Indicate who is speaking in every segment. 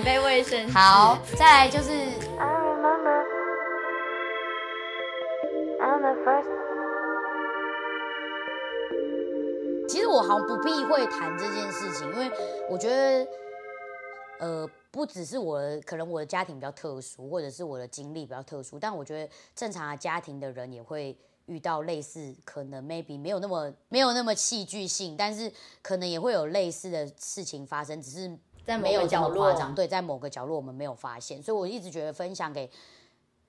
Speaker 1: 準備衛生紙。好，再來就是。其實我好像不避諱談這件事情，因為我覺得，呃，不只是我，可能我的家庭比較特殊，或者是我的經歷比較特殊，但我覺得正常的家庭的人也會遇到類似，可能 maybe 沒有那麼沒有那麼戲劇性，但是可能也會有類似的事情發生，只是。在沒有某個角落，對，在某個角落我們沒有發現，所以我一直覺得分享給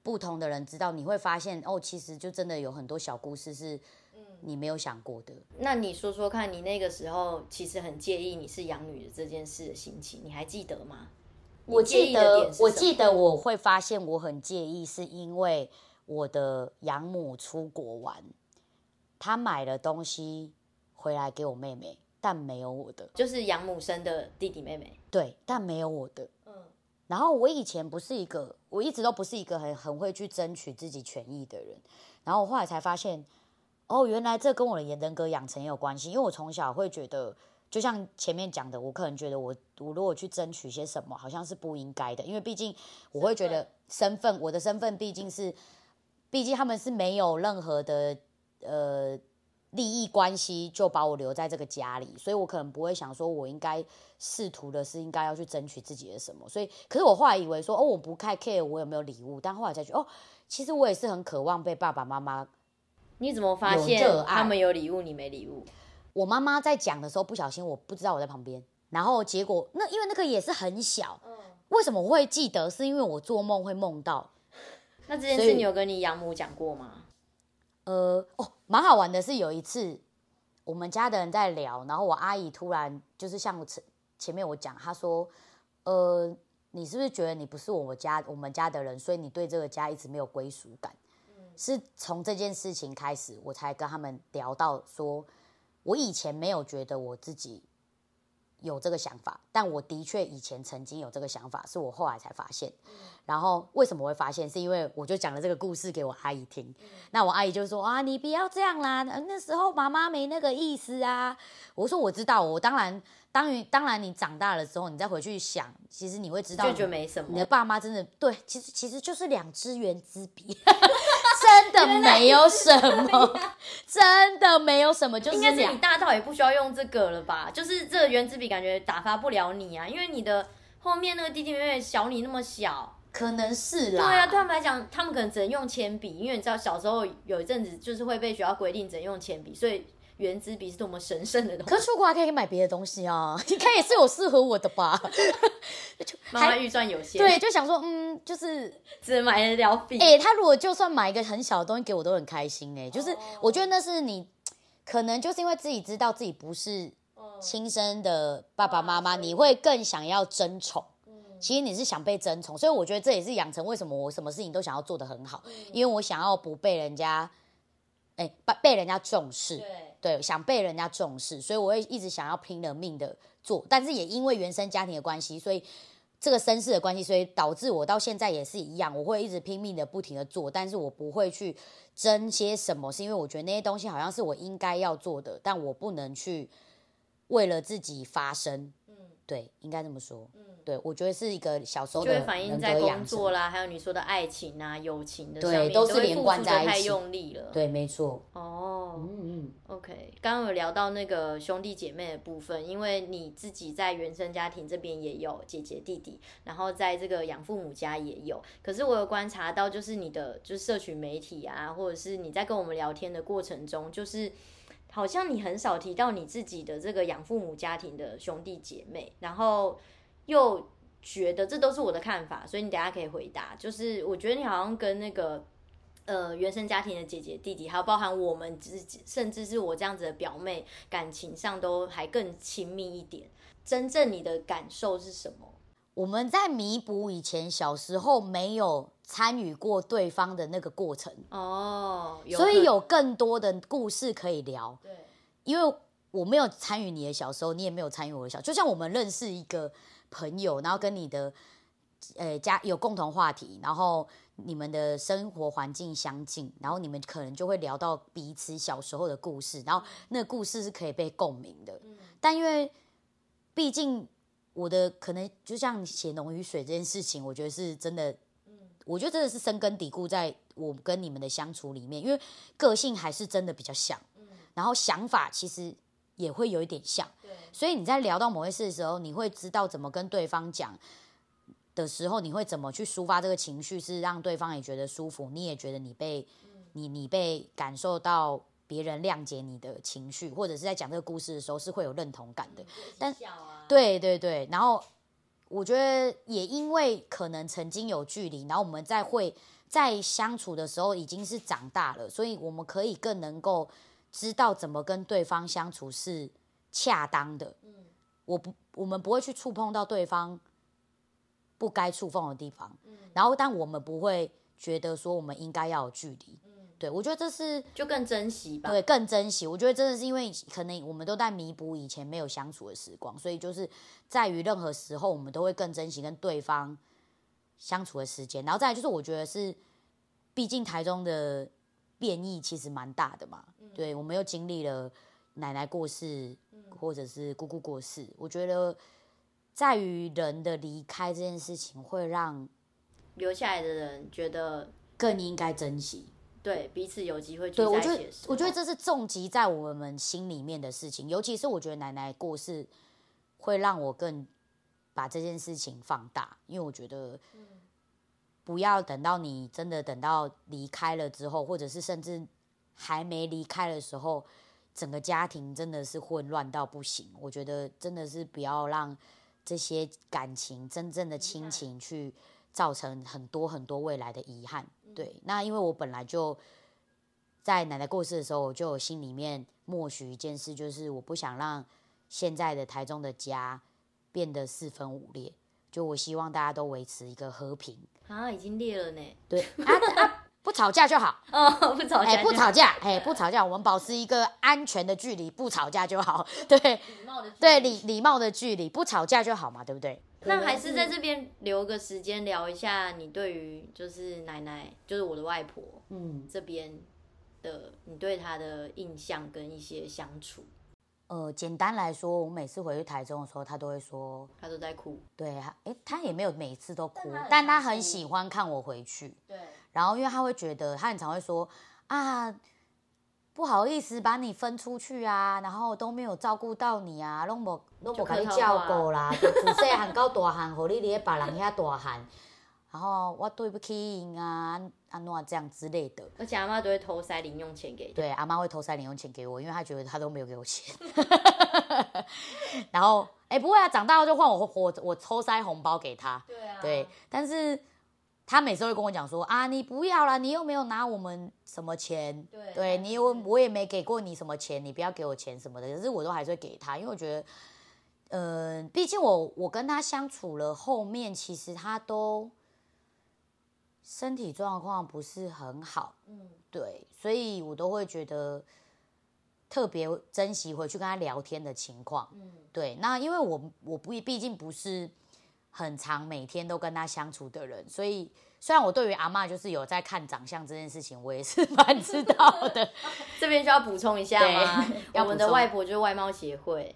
Speaker 1: 不同的人知道，你會發現哦，其實就真的有很多小故事是，嗯，你沒有想過的、嗯。
Speaker 2: 那你說說看，你那個時候其實很介意你是養女的這件事的心情，你還記得嗎？
Speaker 1: 我記得，我記得我會發現我很介意，是因為我的養母出國玩，她買了東西回來給我妹妹。但沒有我的，就是養母生
Speaker 2: 的弟弟妹妹。
Speaker 1: 對，但沒有我的、嗯。然後我以前不是一個，我一直都不是一個很很會去爭取自己權益的人。然後我後來才發現，哦，原來這跟我的人格養成也有關係。因為我從小會覺得，就像前面講的，我可能覺得我我如果去爭取些什麼，好像是不應該的。因為畢竟我會覺得身份，身份我的身份畢竟是，畢竟他們是沒有任何的呃。利益關係，就把我留在這個家裡，所以我可能不會想說，我應該試圖的是應該要去爭取自己的什麼。所以，可是我後來以為說，哦，我不 care，我有沒有禮物？但後來才覺得，哦，其實我也是很渴望被爸爸媽媽。你怎麼發現他們有禮物，你沒禮物？我媽媽在講的時候不小心，我不知道我在旁邊。然後結果那因為那個也是很小、嗯，為什麼我會記得？是因為我做夢會夢到。那這件事你有跟
Speaker 2: 你養母講過嗎？
Speaker 1: 呃哦，蠻好玩的是有一次，我們家的人在聊，然後我阿姨突然就是像我前前面我講，她說，呃，你是不是覺得你不是我們家我們家的人，所以你對這個家一直沒有歸屬感？嗯。是從這件事情開始，我才跟他們聊到說，我以前沒有覺得我自己有這個想法，但我的確以前曾經有這個想法，是我後來才發現。嗯、然後為什麼會發現？是因為我就講了這個故事給我阿姨聽、嗯，那我阿姨就說：“啊，你不要這樣啦，那時候媽媽沒那個意思啊。”我說：“我知道，我當然當，當然當然，你長大了之後，你再回去想，其實你會知道，就就沒什麼。你的爸媽真的對，其實其實就是兩支原子筆。 ” 真的沒有什麼， 真的沒有什麼就是，就是你大套
Speaker 2: 也不需要用這個了吧？就是這原子筆感覺打發不了你啊，因為你的後面那個弟弟妹妹小你那麼小，
Speaker 1: 可能是啦、啊。對啊，
Speaker 2: 坦白講他們可能只能用鉛筆，因為你知道小時候有一陣子就是會被學校規定只能用鉛筆，所以。原子筆是多麼神聖的東西，可是出
Speaker 1: 國還可以買別的東西啊，應 該 也是有適合我的吧。
Speaker 2: 媽媽預算有限，對，就
Speaker 1: 想說，嗯，就是只買了筆。哎、欸，他如果就算買一個很小的東西給我，都很開心哎、欸。就是我覺得那是你可能就是因為自己知道自己不是親生的爸爸媽媽、嗯，你會更想要爭寵、嗯。其實你是想被爭寵，所以我覺得這也是養成為什麼我什麼事情都想要做得很好、嗯，因為我想要不被人家哎被、欸、被人家重視。對對，想被人家重視，所以我會一直想要拼了命的做。但是也因為原生家庭的關係，所以這個身世的關係，所以導致我到現在也是一樣，我會一直拼命的不停的做。但是我不會去爭些什麼，是因為我覺得那些東西好像是我應該要做的，但我不能去為了自己發聲。嗯，對，應該這麼說。嗯，對，我覺得是一個小時候就會反映在工作
Speaker 2: 啦，還有你說的愛情啊、友情的對上面，都是連貫在一起。嗯，對，
Speaker 1: 沒錯。哦。
Speaker 2: 嗯，oh，OK，剛剛有聊到那個兄弟姐妹的部分，因為你自己在原生家庭這邊也有姐姐弟弟，然後在這個養父母家也有。可是我有觀察到，就是你的就是社群媒體啊，或者是你在跟我們聊天的過程中，就是好像你很少提到你自己的這個養父母家庭的兄弟姐妹，然後又覺得這都是我的看法，所以你等下可以回答。就是我覺得你好像跟那個。呃，原生家庭的姐姐、弟弟，還有包含我們自己，甚至是我這樣子的表妹，感情上都還更親密一點。真正
Speaker 1: 你的感受是什麼？我們在彌補以前小時候沒有參與過對方的那個過程哦，所以有更多的故事可以聊。對，因為我沒有參與你的小時候，你也沒有參與我的小時候，就像我們認識一個朋友，然後跟你的。呃，加有共同話題，然後你們的生活環境相近，然後你們可能就會聊到彼此小時候的故事，然後那個故事是可以被共鳴的、嗯。但因為畢竟我的可能就像血濃於水這件事情，我覺得是真的、嗯，我覺得真的是深根底固在我跟你們的相處裡面，因為個性還是真的比較像，嗯、然後想法其實也會有一點像，對，所以你在聊到某件事的時候，你會知道怎麼跟對方講。的時候，你會怎麼去抒發這個情緒？是讓對方也覺得舒服，你也覺得你被你，你被感受到別人諒解你的情緒，或者是在講這個故事的時候是會有認同感的。但對對對，然後我覺得也因為可能曾經有距離，然後我們在會在相處的時候已經是長大了，所以我們可以更能夠知道怎麼跟對方相處是恰當的。嗯，我不我們不會去觸碰到對方。不該觸碰的地方，嗯，然後但我們不會覺得說我們應該要有距離。嗯，對我覺得這是就更珍惜吧。對，更珍惜。我覺得真的是因為可能我們都在彌補以前沒有相處的時光，所以就是在於任何時候我們都會更珍惜跟對方相處的時間。然後再來就是我覺得是，畢竟台中的變異其實蠻大的嘛，嗯。對，我們又經歷了奶奶過世，嗯，或者是姑姑過世，我覺得。在於人的離開這件事情，會讓
Speaker 2: 留下來的人覺得
Speaker 1: 更應該珍惜，
Speaker 2: 對彼此有機會對。對我覺得，我覺得這
Speaker 1: 是重擊在我們心裡面的事情。尤其是我覺得奶奶過世，會讓我更把這件事情放大，因為我覺得，不要等到你真的等到離開了之後，或者是甚至還沒離開的時候，整個家庭真的是混亂到不行。我覺得真的是不要讓。這些感情，真正的親情，去造成很多很多未來的遺憾。對，那因為我本來就在奶奶過世的時候，我就心裡面默許一件事，就是我不想讓現在的台中的家變得四分五裂。就我希望大家都維持一個和平。
Speaker 2: 啊，已經裂了呢。對。
Speaker 1: 不吵架就好，哦、oh, 欸，不吵架，欸、不吵架，哎，不吵架，我們保持一個安全的距離，不吵架就好，對，禮貌的，對，禮禮貌的距離，不吵架就好嘛，對不對？那還是在
Speaker 2: 這邊留個時間聊一下，你對於就是奶奶，就是我的外婆，嗯，這邊的你對她的印象跟一些相處，
Speaker 1: 呃，簡單來說，我每次回去台中的時候，她都會說，她都在哭，對，哎、欸，她也沒有每次都哭，但她很，但她很喜歡看我回去，對。然後，因為他會覺得，他很常會說啊，不好意思把你分出去啊，然後都沒有照顧到你啊，攏莫攏莫甲你照顧啦，從細漢到大漢， 讓你佇咧別人遐大漢，然後我對不起人啊，阿、啊、阿這樣之類的，而
Speaker 2: 且阿嬤都會偷塞零用錢給你，對，
Speaker 1: 阿嬤會偷塞零用錢給我，因為他覺得他都沒有給我錢， 然後哎、欸，不會啊，長大了就換我我我偷塞紅包給他，對啊，對，但是。他每次都會跟我講說：“啊，你不要啦，你又沒有拿我們什麼錢，對，對，對你我我也沒給過你什麼錢，你不要給我錢什麼的。”可是我都還是會給他，因為我覺得，嗯、呃，畢竟我我跟他相處了，後面其實他都身體狀況不是很好，嗯，對，所以我都會覺得特別珍惜回去跟他聊天的情況，嗯，對。那因為我我不畢竟不是很常每天都跟他相處的人，所以。雖然我對於阿嬤，就是有在看長相這件事情，我也是蠻知道的。 這邊需要補充一下嗎？我，我們的外
Speaker 2: 婆就是外貌協會，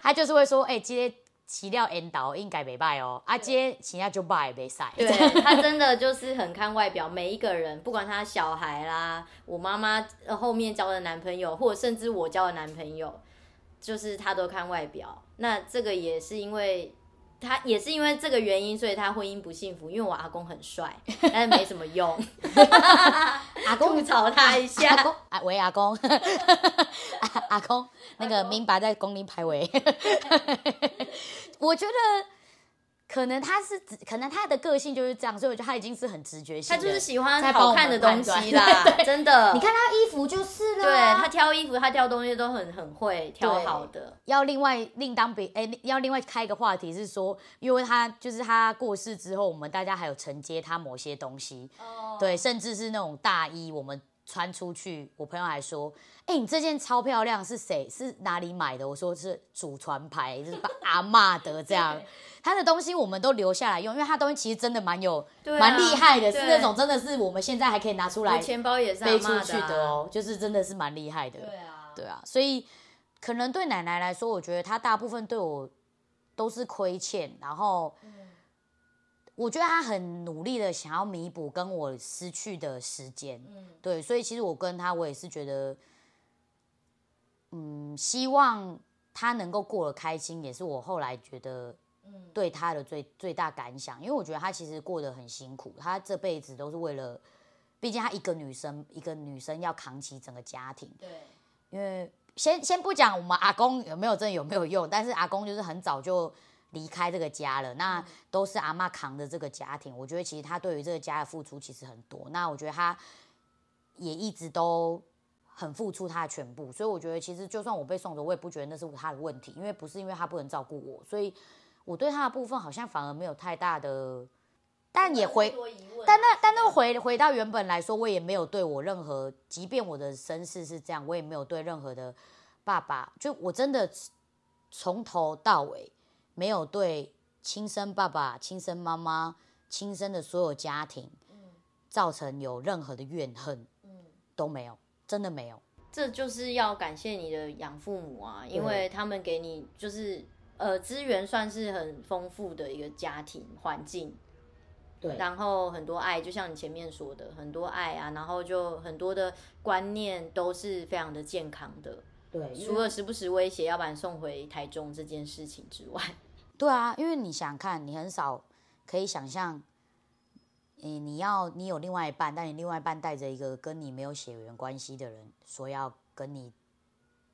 Speaker 1: 她 就是會說，哎、欸，今天誰要 n 倒應該沒拜哦，啊，今天誰阿就拜，沒賽。對，
Speaker 2: 他真的就是很看外表， 每一個人，不管他小孩啦，我媽媽後面交的男朋友，或者甚至我交的男朋友，就是他都看外表。那這個也是因為。他也是因為這個原因，所以他婚姻不幸福。因為我阿公很帥，
Speaker 1: 但是沒什麼用。阿 公 吐槽他一下。阿、啊啊啊、喂，阿、啊、公，阿、 啊啊公，啊、公，那個明白在公林排位。 我覺得。可能他是直，可能他的個性就是這樣，所以我覺得他已經是很直覺型。他就是喜歡好看的東西啦， 真的。你看他衣服就是了，啊。對，他挑衣服，他挑東西都很很會挑好的。要另外另當別哎，欸，要另外開一個話題是說，因為他就是他過世之後，我們大家還有承接他某些東西，oh. 對，甚至是那種大衣，我們。穿出去，我朋友還說：“哎、欸，你這件超漂亮，是誰？是哪裡買的？”我說：“是祖傳牌，就是把阿嬤的這樣。 ”他的東西我們都留下來用，因為他東西其實真的蠻有、蠻厲、啊、害的，是那種真的是我們現在還可以拿出來出、喔。錢包也是背出去的哦、啊，就是真的是蠻厲害的。對啊，對啊，所以可能對奶奶來說，我覺得她大部分對我都是虧欠，然後。嗯我覺得他很努力的想要彌補跟我失去的時間，對，所以其實我跟他，我也是覺得，嗯，希望他能夠過得開心，也是我後來覺得，對他的最最大感想，因為我覺得他其實過得很辛苦，他這輩子都是為了，畢竟他一個女生，一個女生要扛起整個家庭，對，因為先先不講我們阿公有沒有真的有沒有用，但是阿公就是很早就。離開這個家了，那都是阿媽扛着這個家庭，嗯。我覺得其實他對於這個家的付出其實很多。那我覺得他也一直都很付出他的全部，所以我覺得其實就算我被送走，我也不覺得那是他的問題，因為不是因為他不能照顧我，所以我對他的部分好像反而沒有太大的。
Speaker 3: 但也回，
Speaker 1: 但那但那回回到原本來說，我也沒有對我任何，即便我的身世是這樣，我也沒有對任何的爸爸，就我真的從頭到尾。沒有對親生爸爸、親生媽媽、親生的所有家庭造成有任何的怨恨，都沒有，真的沒有。這
Speaker 2: 就是要感謝你的養父母啊，因為他們給你就是呃資源算是很豐富的一個家庭環境，
Speaker 1: 對，然
Speaker 2: 後很多愛，就像你前面說的，很多愛啊，然後就很多的觀念都是非常的健康的，對，除了時不時威脅要把你送回台中這件事情之外。
Speaker 1: 對啊，因為你想看，你很少可以想象，欸，你你要你有另外一半，但你另外一半帶着一個跟你沒有血緣關係的人，說要跟你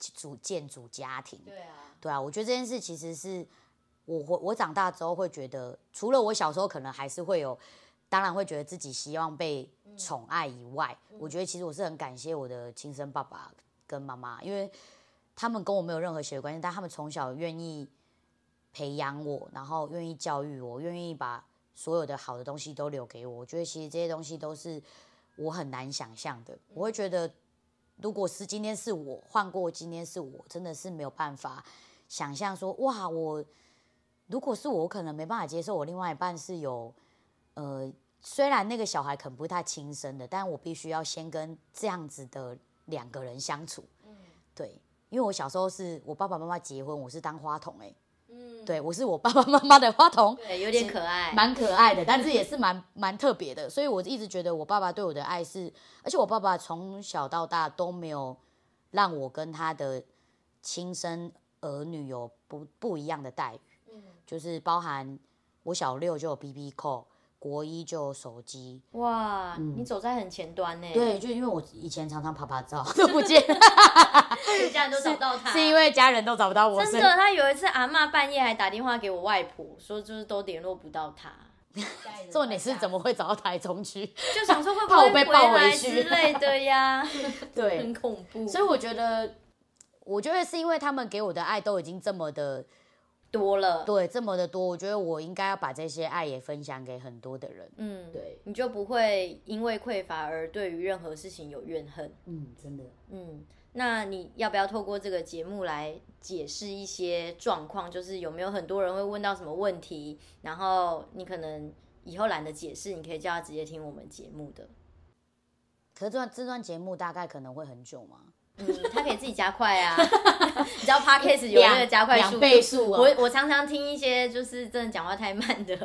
Speaker 1: 組建組家庭。對啊，對啊，我覺得這件事其實是我我我長大之後會覺得，除了我小時候可能還是會有，當然會覺得自己希望被寵愛以外，嗯，我覺得其實我是很感謝我的親生爸爸跟媽媽，因為他們跟我沒有任何血緣關係，但他們從小願意。培養我，然後願意教育我，願意把所有的好的東西都留給我。我覺得其實這些東西都是我很難想象的。我會覺得，如果是今天是我換過，今天是我，真的是沒有辦法想象說哇，我如果是我，我可能沒辦法接受我另外一半是有呃，雖然那個小孩可能不太親生的，但我必須要先跟這樣子的兩個人相處。嗯，對，因為我小時候是我爸爸媽媽結婚，我是當花童哎、欸。嗯，對，我是我爸爸媽媽的花童，對，有點可愛，蠻可愛的，但是也是蠻蠻特別的，所以我一直覺得我爸爸對我的愛是，而且我爸爸從小到大都沒有讓我跟他的親生兒女有不不一樣的待遇，嗯，就是包含我小六就有 BB call，國一就有手機，
Speaker 2: 哇、嗯，你走在很前端呢、欸。對，就
Speaker 1: 因為我以前常常拍拍照都不見，
Speaker 2: 家人都找
Speaker 1: 不到他，是因為家人都找不到我，不到我。真的，他
Speaker 2: 有一次阿媽半夜還打電
Speaker 1: 話給我外婆，說就是都聯絡不到他。他做哪是怎麼會找到台中去？ 就想說會不會怕我被抱回去之類的呀？ 對， 很恐怖。所以我覺得，我覺得是因為他們給我的愛都已經這麼的。多了，對這麼的多，我覺得我應該要把這些愛也分享給很多的人，嗯，
Speaker 2: 對，你就不會因為匱乏而對於任何事情有怨恨，嗯，
Speaker 1: 真
Speaker 2: 的，嗯，那你要不要透過這個節目來解釋一些狀況？就是有沒有很多人會問到什麼問題，然後你可能以後懶得解釋，你可以叫他直接聽我們節目的。可
Speaker 1: 是這段這段節目大概可能會很久嗎？ 嗯、他可以自己加快啊，你知道，Podcast 有那有加快數倍數，哦。我我常常
Speaker 2: 聽一些就是真的講話太慢的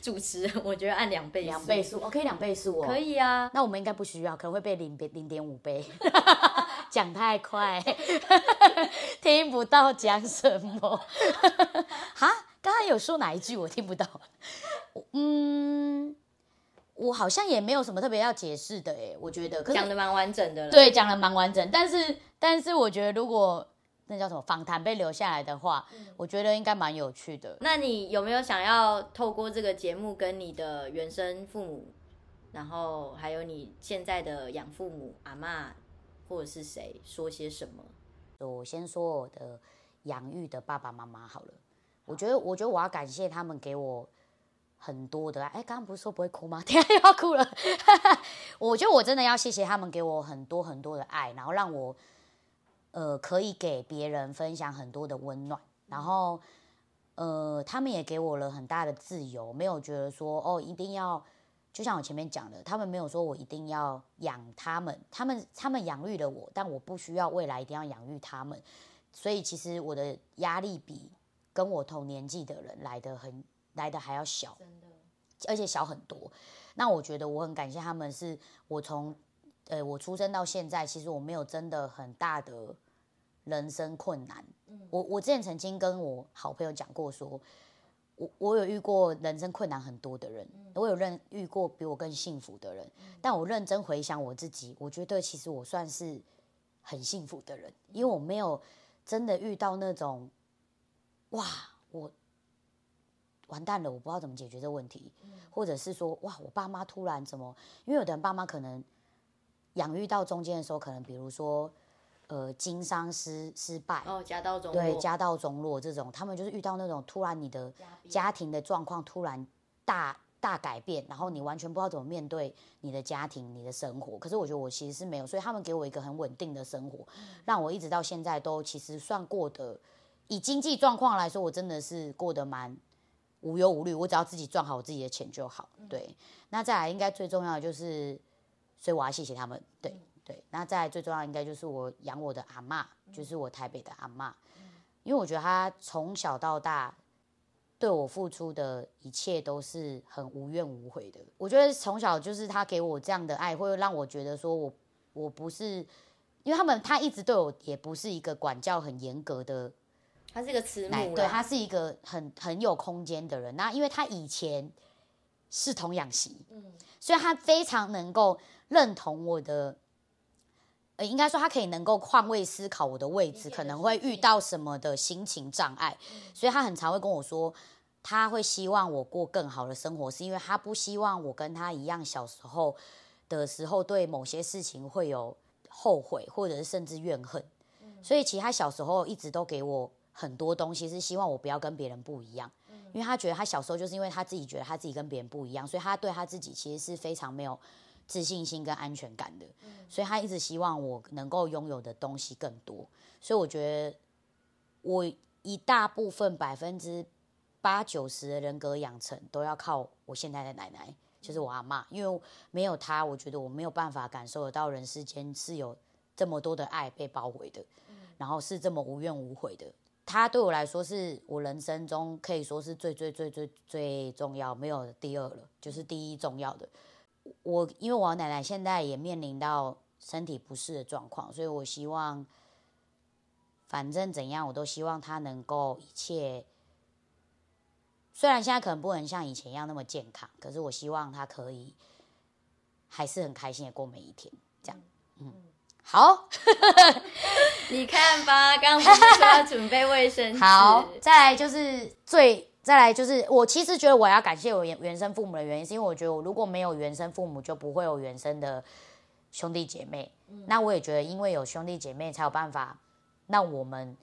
Speaker 2: 主持人，我覺得按兩倍兩倍數、嗯、可以兩、
Speaker 1: 啊 okay, 倍數，哦，可以啊。那我們應該不需要，可能會被零點零點五倍講 太快， 聽不到講什麼。哈、 啊，剛才有說哪一句我聽不到？嗯。我好像也沒有什麼特別要解釋的哎、欸，我覺得講的蠻完
Speaker 2: 整的了。對，
Speaker 1: 講的蠻完整，但是但是我覺得如果那叫什麼訪談被留下來的話，嗯、我覺得應該蠻有趣的。
Speaker 2: 那你有沒有想要透過這個節目跟你的原生父母，然後還有你現在的養父母阿嬤，或者是誰說
Speaker 1: 些什麼？我先說我的養育的爸爸媽媽好了，Wow. 我覺得我覺得我要感謝他們給我，很多的愛。哎、剛、欸、剛不是說不會哭嗎？等下又要哭了哈哈。我覺得我真的要謝謝他們，給我很多很多的愛，然後讓我呃可以給別人分享很多的溫暖。然後呃，他們也給我了很大的自由，沒有覺得說哦一定要。就像我前面講的，他們沒有說我一定要養他們，他們他們養育了我，但我不需要未來一定要養育他們。所以其實我的壓力比跟我同年紀的人來得很來的還要小，而且小很多。那我覺得我很感謝他們，是我從，呃、欸，我出生到現在，其實我沒有真的很大的人生困難。嗯、我我之前曾經跟我好朋友講過，說，我我有遇過人生困難很多的人，嗯、我有認遇過比我更幸福的人，嗯，但我認真回想我自己，我覺得其實我算是很幸福的人，因為我沒有真的遇到那種，哇。完蛋了，我不知道怎麼解決這個問題，或者是說，哇，我爸媽突然怎麼？因為有的人爸媽可能養育到中間的時候，可能比如說，呃，經商失失敗，
Speaker 2: 哦，家道中落，對，家
Speaker 1: 道中落這種，他們就是遇到那種突然你的家庭的狀況突然大大改變，然後你完全不知道怎麼面對你的家庭、你的生活。可是我覺得我其實是沒有，所以他們給我一個很穩定的生活，讓我一直到現在都其實算過得，以經濟狀況來說，我真的是過得蠻。無憂無慮，我只要自己賺好我自己的錢就好。對，那再來應該最重要的就是，所以我要謝謝他們。對對，那再來最重要應該就是我養我的阿嬤，就是我台北的阿嬤，因為我覺得他從小到大對我付出的一切都是很無怨無悔的。我覺得從小就是他給我這樣的愛，會讓我覺得說我我不是，因為他們他一直對我也不是一個管教很嚴格的。
Speaker 2: 他是一個慈母，對，他
Speaker 1: 是一個很很有空間的人。那因為他以前是童養媳，所以他非常能夠認同我的。呃，應該說他可以能夠換位思考我的位置，嗯，可能會遇到什麼的心情障礙，嗯。所以他很常會跟我說，他會希望我過更好的生活，是因為他不希望我跟他一樣小時候的時候對某些事情會有後悔，或者是甚至怨恨。嗯，所以其實他小時候一直都給我。很多東西是希望我不要跟別人不一樣，因為他覺得他小時候就是因為他自己覺得他自己跟別人不一樣，所以他對他自己其實是非常沒有自信心跟安全感的，所以他一直希望我能夠擁有的東西更多。所以我覺得我一大部分百分之八九十的人格養成都要靠我現在的奶奶，就是我阿嬤，因為沒有她，我覺得我沒有辦法感受得到人世間是有這麼多的愛被包圍的，然後是這麼無怨無悔的。她對我來說是我人生中可以說是最最最最最最重要，沒有第二了，就是第一重要的。我因為我奶奶現在也面臨到身體不適的狀況，所以我希望，反正怎樣，我都希望她能夠一切。雖然現在可能不能像以前一樣那麼健康，可是我希望她可以，還是很開心的過每一天。這樣，嗯。好，
Speaker 2: 好， 你看吧，剛不是說要準備衛生紙？好，
Speaker 1: 再來就是最，再來就是我其實覺得我要感謝我原原生父母的原因，是因為我覺得我如果沒有原生父母，就不會有原生的兄弟姐妹。嗯、那我也覺得，因為有兄弟姐妹，才有辦法讓我們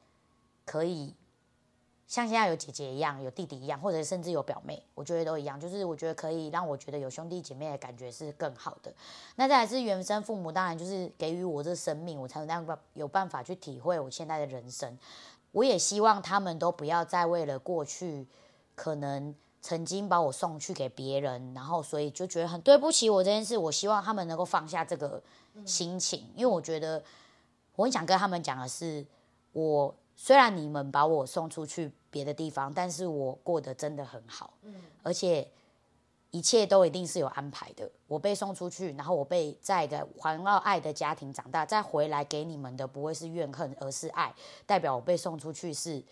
Speaker 1: 可以。像現在有姐姐一樣，有弟弟一樣，或者甚至有表妹，我覺得都一樣。就是我覺得可以讓我覺得有兄弟姐妹的感覺是更好的。那再來是原生父母，當然就是給予我這生命，我才有那樣有辦法去體會我現在的人生。我也希望他們都不要再為了過去可能曾經把我送去給別人，然後所以就覺得很對不起我這件事。我希望他們能夠放下這個心情、嗯，因為我覺得我很想跟他們講的是我。雖然你們把我送出去別的地方，但是我過得真的很好，而且一切都一定是有安排的。我被送出去，然後我被在一個環繞愛的家庭長大，再回來給你們的不會是怨恨，而是愛。代表我被送出去是。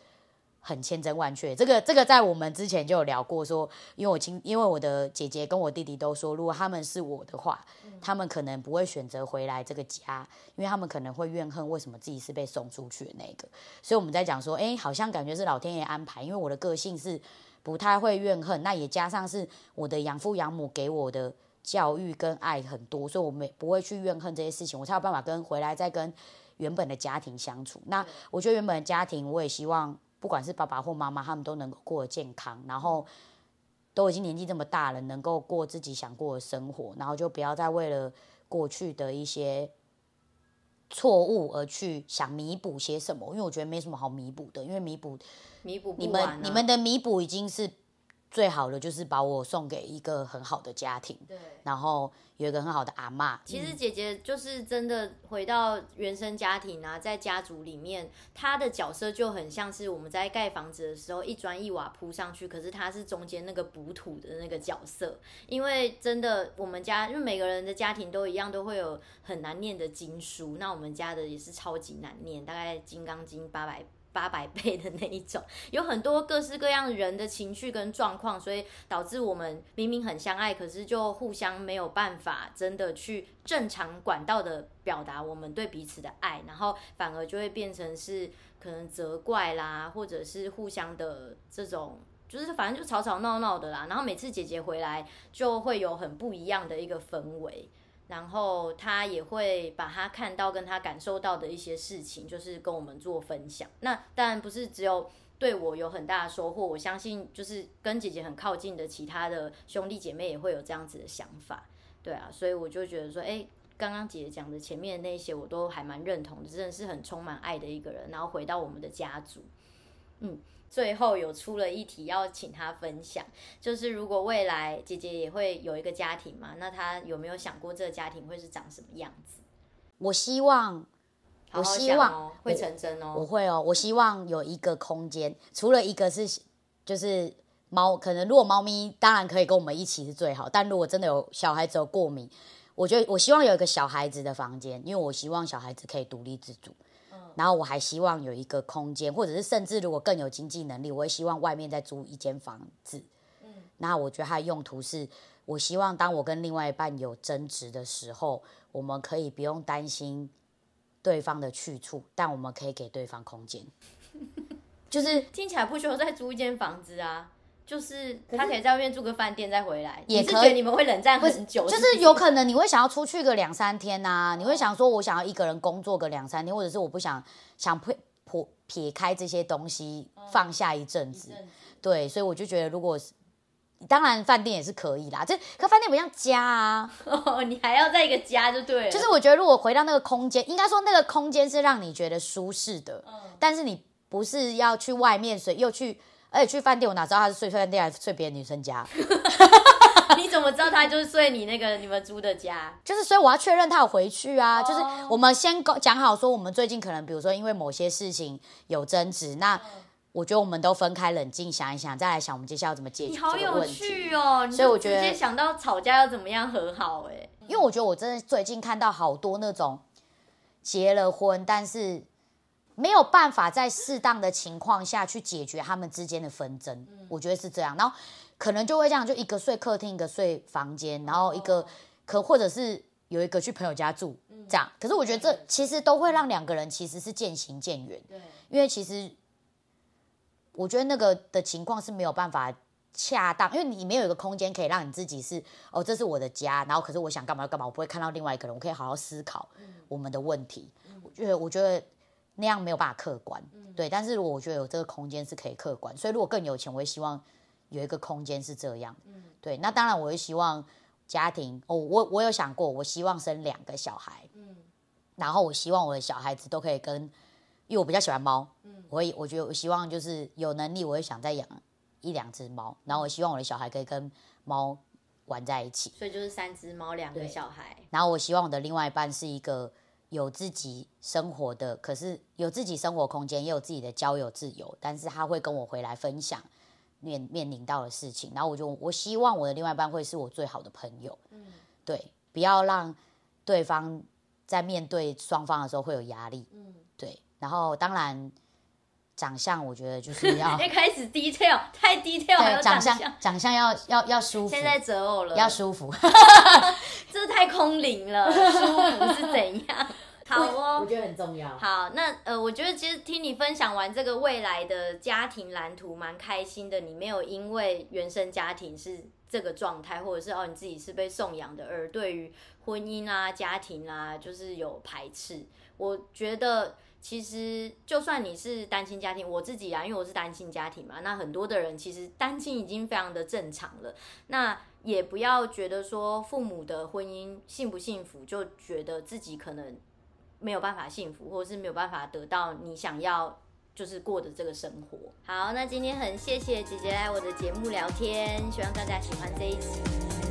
Speaker 1: 很千真萬確，這個這個在我們之前就有聊過說，說因為我親，因為我的姐姐跟我弟弟都說，如果他們是我的話，嗯、他們可能不會選擇回來這個家，因為他們可能會怨恨為什麼自己是被送出去的那個。所以我們在講說，哎、欸，好像感覺是老天爺安排，因為我的個性是不太會怨恨，那也加上是我的養父養母給我的教育跟愛很多，所以我每不會去怨恨這些事情，我才有辦法跟回來再跟原本的家庭相處。那我覺得原本的家庭，我也希望。不管是爸爸或媽媽，他們都能夠過得健康，然後都已經年紀這麼大了，能夠過自己想過的生活，然後就不要再為了過去的一些錯誤而去想彌補些什麼，因為我覺得沒什麼好彌補的，因為彌補
Speaker 2: 彌補你們你們的彌
Speaker 1: 補已經是。最好的就是把我送給一個很好的家庭，對，然後有一個很好的阿嬤，嗯。其實姐
Speaker 2: 姐就是真的回到原生家庭啊，在家族裡面，她的角色就很像是我們在蓋房子的時候，一磚一瓦鋪上去，可是她是中間那個補土的那個角色。因為真的，我們家，因為每個人的家庭都一樣，都會有很難念的經書，那我們家的也是超級難念，大概《金剛經》八百。八百倍的那一種，有很多各式各樣人的情緒跟狀況，所以導致我們明明很相愛，可是就互相沒有辦法真的去正常管道的表達我們對彼此的愛，然後反而就會變成是可能責怪啦，或者是互相的這種，就是反正就吵吵鬧鬧的啦。然後每次姐姐回來，就會有很不一樣的一個氛圍。然後他也會把他看到跟他感受到的一些事情，就是跟我們做分享。那當然不是只有對我有很大的收穫，我相信就是跟姐姐很靠近的其他的兄弟姐妹也會有這樣子的想法，對啊。所以我就覺得說，哎、欸，剛剛姐姐講的前面那些我都還蠻認同的，真的是很充滿愛的一個人。然後回到我們的家族，
Speaker 3: 嗯。
Speaker 2: 最後有出了一題要請他分享，就是如果未來姐姐也會有一個家庭嘛，那她有沒有想過這個家庭會是長什麼樣子？
Speaker 1: 我希望，我希望好好、哦、我會成真哦，我會哦，我希望有一個空間，除了一個是就是貓，可能如果貓咪當然可以跟我們一起是最好，但如果真的有小孩子有過敏，我覺得我希望有一個小孩子的房間，因為我希望小孩子可以獨立自主。然後我還希望有一個空間，或者是甚至如果更有經濟能力，我也希望外面再租一間房子。嗯。那我覺得它的用途是，我希望當我跟另外一半有爭執的時候，我們可以不用擔心對方的去處，但我們可以給對方空間。
Speaker 2: 就是聽起來不需要再租一間房子啊。就是他可以在外面住個飯店再回來，可是也可，你是覺得你們會冷戰很久是不是？就是有
Speaker 1: 可能你會想要出去個兩三天吶、啊，你會想說我想要一個人工作個兩三天，oh. 或者是我不想想撇撇撇開這些東西、oh. 放下一陣子。Oh. 對，所以我就覺得，如果當然飯店也是可以啦，這可飯店不像家啊，oh.
Speaker 2: 你還要在一個家就對。就是我覺
Speaker 1: 得如果回到那個空間，應該說那個空間是讓你覺得舒適的，oh. 但是你不是要去外面，所以又去。而且去飯店，我哪知道他是睡飯店還是睡別的女生家？
Speaker 2: 你怎麼知道他就是睡你那個你們租的家？
Speaker 1: 就是所以我要確認他有回去啊。Oh. 就是我們先講好說，我們最近可能比如說因為某些事情有爭執，oh. 那我覺得我們都分開冷靜想一想，再來想我們接下來要怎麼解決這個問題。你好
Speaker 2: 有趣哦！所以我覺得你直接想到吵架要怎麼樣和好哎、
Speaker 1: 欸，因為我覺得我真的最近看到好多那種結了婚但是。沒有辦法在適當的情況下去解決他們之間的紛爭、嗯，我覺得是這樣。然後可能就會這樣，就一個睡客廳，一個睡房間，然後一個可或者是有一個去朋友家住、嗯、這樣。可是我覺得這其實都會讓兩個人其實是漸行漸遠。對。因為其實我覺得那個的情況是沒有辦法恰當，因為你沒有一個空間可以讓你自己是哦，這是我的家，然後可是我想幹嘛要幹嘛，我不會看到另外一個人，我可以好好思考我們的問題。嗯、我覺得，我覺得。那樣沒有辦法客觀，嗯、對。但是我覺得有這個空間是可以客觀，所以如果更有錢，我也希望有一個空間是這樣、嗯，對。那當然，我也希望家庭。哦，我我有想過，我希望生兩個小孩、嗯，然後我希望我的小孩子都可以跟，因為我比較喜歡貓、嗯，我也，我覺得我希望就是有能力，我也想再養一兩只貓，然後我希望我的小孩可以跟貓玩在一起。
Speaker 2: 所以就是三只貓，兩個小孩。
Speaker 1: 然後我希望我的另外一半是一個。有自己生活的，可是有自己生活空間，也有自己的交友自由。但是他會跟我回來分享面面臨到的事情，然後我就我希望我的另外一半會是我最好的朋友。嗯，對，不要讓對方在面對雙方的時候會有壓力。嗯，對。然後當然。長相我覺得就是要，
Speaker 2: 開始低調，太低調。對，長相
Speaker 1: 長相要要要舒服。現在擇偶了，要舒服，
Speaker 2: 這太空靈了。 舒服是怎樣？好哦，我覺得很重要。好，那呃，我覺得其實聽你分享完這個未來的家庭藍圖，蠻開心的。你沒有因為原生家庭是這個狀態，或者是哦你自己是被送養的，而對於婚姻啊、家庭啊，就是有排斥。我覺得。其實，就算你是單親家庭，我自己啊，因為我是單親家庭嘛，那很多的人其實單親已經非常的正常了，那也不要覺得說父母的婚姻幸不幸福，就覺得自己可能沒有辦法幸福，或者是沒有辦法得到你想要就是過的這個生活。好，那今天很謝謝姐姐來我的節目聊天，希望大家喜歡這一集。